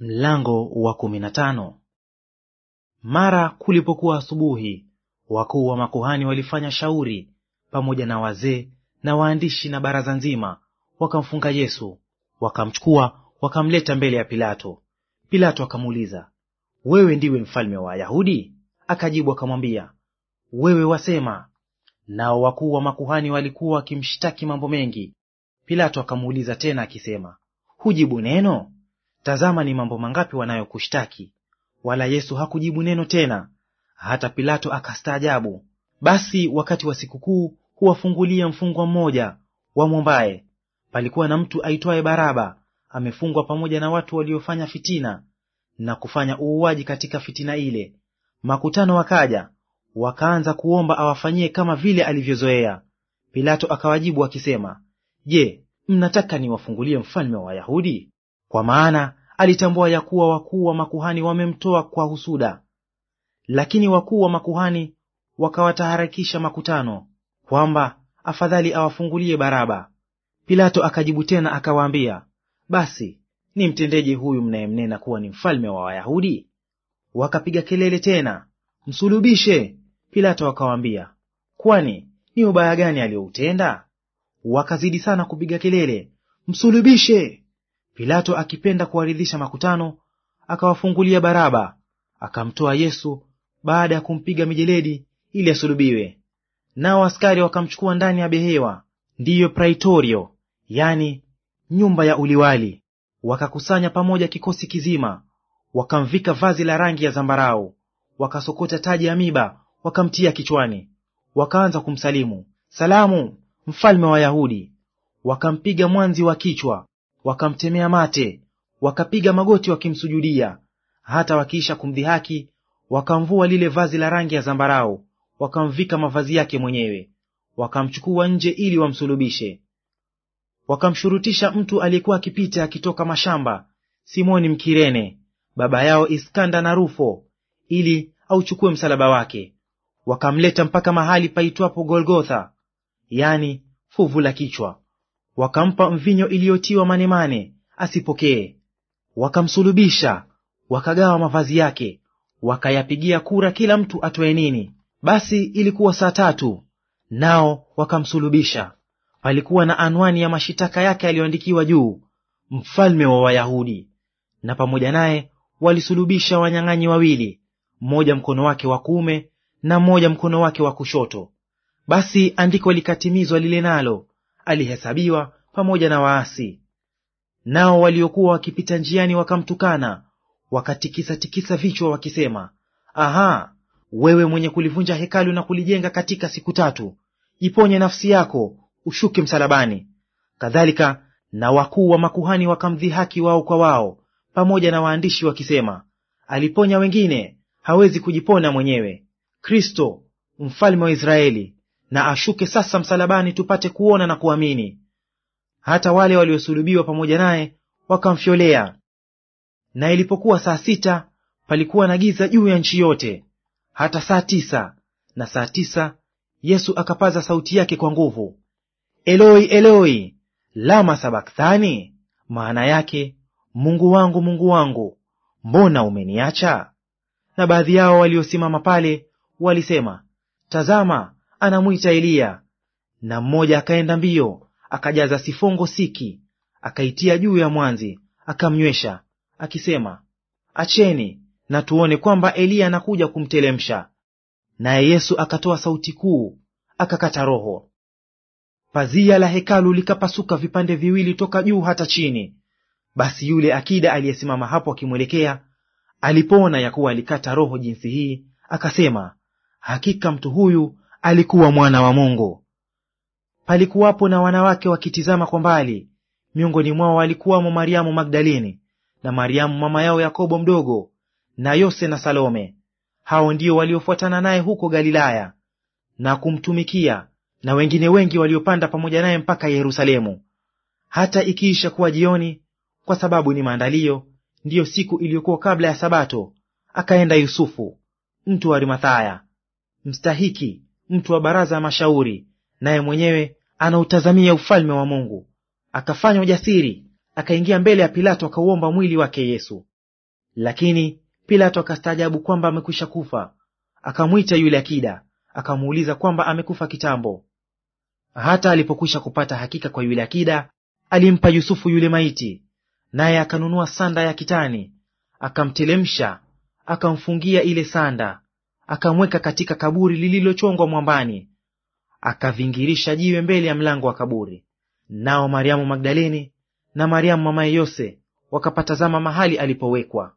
Mlango wa kumi na tano. Mara kulipokuwa asubuhi, wakuu wa makuhani walifanya shauri pamoja na wazee na waandishi na baraza nzima, wakamfunga Yesu, wakamchukua wakamleta mbele ya Pilato. Pilato akamuuliza, wewe ndiwe mfalme wa Wayahudi? Akajibu akamwambia, wewe wasema. Nao wakuu wa makuhani walikuwa wakimshtaki mambo mengi. Pilato akamuuliza tena akisema, hujibu neno? Tazama ni mambo mangapi wanayokushtaki. Wala Yesu hakujibu neno tena, hata Pilato akastaajabu. Basi wakati wa sikukuu huwafungulia mfungwa mmoja wamwombaye. Palikuwa na mtu aitwaye Baraba, amefungwa pamoja na watu waliofanya fitina na kufanya uuaji katika fitina ile. Makutano wakaja wakaanza kuomba awafanyie kama vile alivyozoea. Pilato akawajibu akisema, Je, mnataka niwafungulie mfalme wa Wayahudi? Kwa maana alitambua ya kuwa wakuu wa makuhani wamemtoa kwa husuda. Lakini wakuu wa makuhani wakawataharakisha makutano, kwamba afadhali awafungulie Baraba. Pilato akajibu tena akawaambia, basi ni mtendeje huyu mnayemnena kuwa ni mfalme wa Wayahudi? Wakapiga kelele tena, msulubishe! Pilato akawaambia, kwani ni ubaya gani aliyoutenda? Wakazidi sana kupiga kelele, msulubishe! Pilato akipenda kuwaridhisha makutano, akawafungulia Baraba, akamtoa Yesu baada ya kumpiga mijeledi ili asulubiwe. Nao askari wakamchukua ndani ya behewa, ndiyo praitorio, yani nyumba ya uliwali. Wakakusanya pamoja kikosi kizima, wakamvika vazi la rangi ya zambarau, wakasokota taji ya miba, wakamtia kichwani. Wakaanza kumsalimu, salamu, mfalme wa Wayahudi. Wakampiga mwanzi wa kichwa, wakamtemea mate, wakapiga magoti wakimsujudia. Hata wakiisha kumdhihaki, wakamvua lile vazi la rangi ya zambarau, wakamvika mavazi yake mwenyewe, wakamchukua nje ili wamsulubishe. Wakamshurutisha mtu aliyekuwa akipita akitoka mashamba, Simoni Mkirene, baba yao Iskanda na Rufo, ili auchukue msalaba wake. Wakamleta mpaka mahali paitwapo Golgotha, yani fuvu la kichwa, Wakampa mvinyo iliyotiwa manemane asipokee, wakamsulubisha, wakagawa mavazi yake, wakayapigia kura kila mtu atoe nini. Basi ilikuwa saa tatu, nao wakamsulubisha. Palikuwa na anwani ya mashitaka yake yaliyoandikiwa juu, mfalme wa Wayahudi. Na pamoja naye walisulubisha wanyang'anyi wawili, mmoja mkono wake wa kuume na mmoja mkono wake wa kushoto. Basi andiko likatimizwa lile nalo alihesabiwa pamoja na waasi. Nao waliokuwa wakipita njiani wakamtukana, wakatikisatikisa vichwa wakisema, Aha, wewe mwenye kulivunja hekalu na kulijenga katika siku tatu, iponye nafsi yako, ushuke msalabani. Kadhalika na wakuu wa makuhani wakamdhihaki wao kwa wao, pamoja na waandishi wakisema, aliponya wengine, hawezi kujipona mwenyewe. Kristo mfalme wa Israeli na ashuke sasa msalabani, tupate kuona na kuamini. Hata wale waliosulubiwa pamoja naye wakamfyolea. Na ilipokuwa saa sita, palikuwa na giza juu ya nchi yote hata saa tisa. Na saa tisa Yesu akapaza sauti yake kwa nguvu, Eloi, Eloi, lama sabakthani, maana yake Mungu wangu, Mungu wangu, mbona umeniacha? Na baadhi yao waliosimama pale walisema, tazama, anamwita Eliya. Na mmoja akaenda mbio akajaza sifongo siki, akaitia juu ya mwanzi, akamnywesha akisema, acheni na tuone kwamba Eliya anakuja kumtelemsha. Naye Yesu akatoa sauti kuu, akakata roho. Pazia la hekalu likapasuka vipande viwili toka juu hata chini. Basi yule akida aliyesimama hapo akimwelekea alipoona ya kuwa alikata roho jinsi hii, akasema, hakika mtu huyu alikuwa mwana wa Mungu. Palikuwapo na wanawake wakitizama kwa mbali, miongoni mwao walikuwamo Mariamu Magdalini na Mariamu mama yao Yakobo mdogo na Yose na Salome. Hao ndio waliofuatana naye huko Galilaya na kumtumikia, na wengine wengi waliopanda pamoja naye mpaka Yerusalemu. Hata ikiisha kuwa jioni, kwa sababu ni maandalio, ndiyo siku iliyokuwa kabla ya Sabato, akaenda Yusufu mtu wa Arimathaya, mstahiki mtu wa baraza ya mashauri, naye mwenyewe anautazamia ufalme wa Mungu. Akafanya ujasiri, akaingia mbele ya Pilato akauomba mwili wake Yesu. Lakini Pilato akastaajabu kwamba amekwisha kufa. Akamwita yule akida, akamuuliza kwamba amekufa kitambo. Hata alipokwisha kupata hakika kwa yule akida, alimpa Yusufu yule maiti, naye akanunua sanda ya kitani, akamtelemsha, akamfungia ile sanda, akamweka katika kaburi lililochongwa mwambani, akavingirisha jiwe mbele ya mlango wa kaburi. Nao Mariamu magdaleni na Mariamu mamaye Yose wakapatazama mahali alipowekwa.